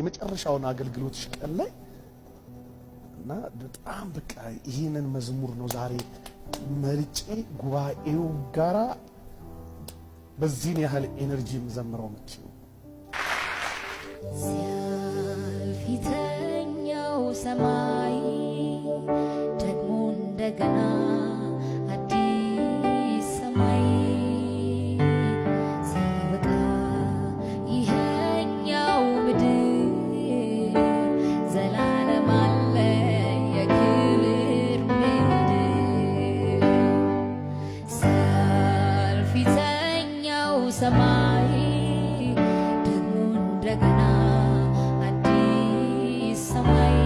የመጨረሻውን አገልግሎት ቀን ላይ እና በጣም በቃ ይህንን መዝሙር ነው ዛሬ መርጬ ጉባኤው ጋራ በዚህን ያህል ኤነርጂ የምዘምረው ምችው ፊተኛው ሰማይ ደግሞ እንደገና ሰማይ ደግሞ እንደገና አዲስ ሰማይ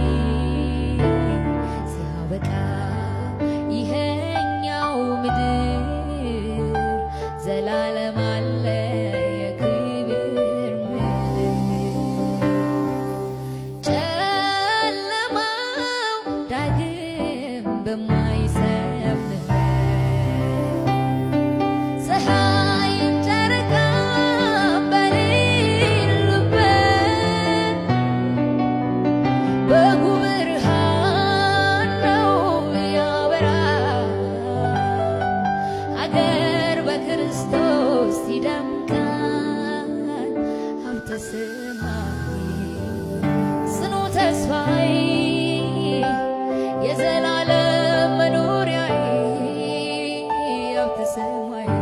ሲያበቃ ይሄኛው ምድር ዘላለም አለ የክብር ጨለማው ዳግም በማይሰ ይደምቃል ሀብተ ሰማይ ጽኑ መኖሪያዬ ሀብተ ሰማይ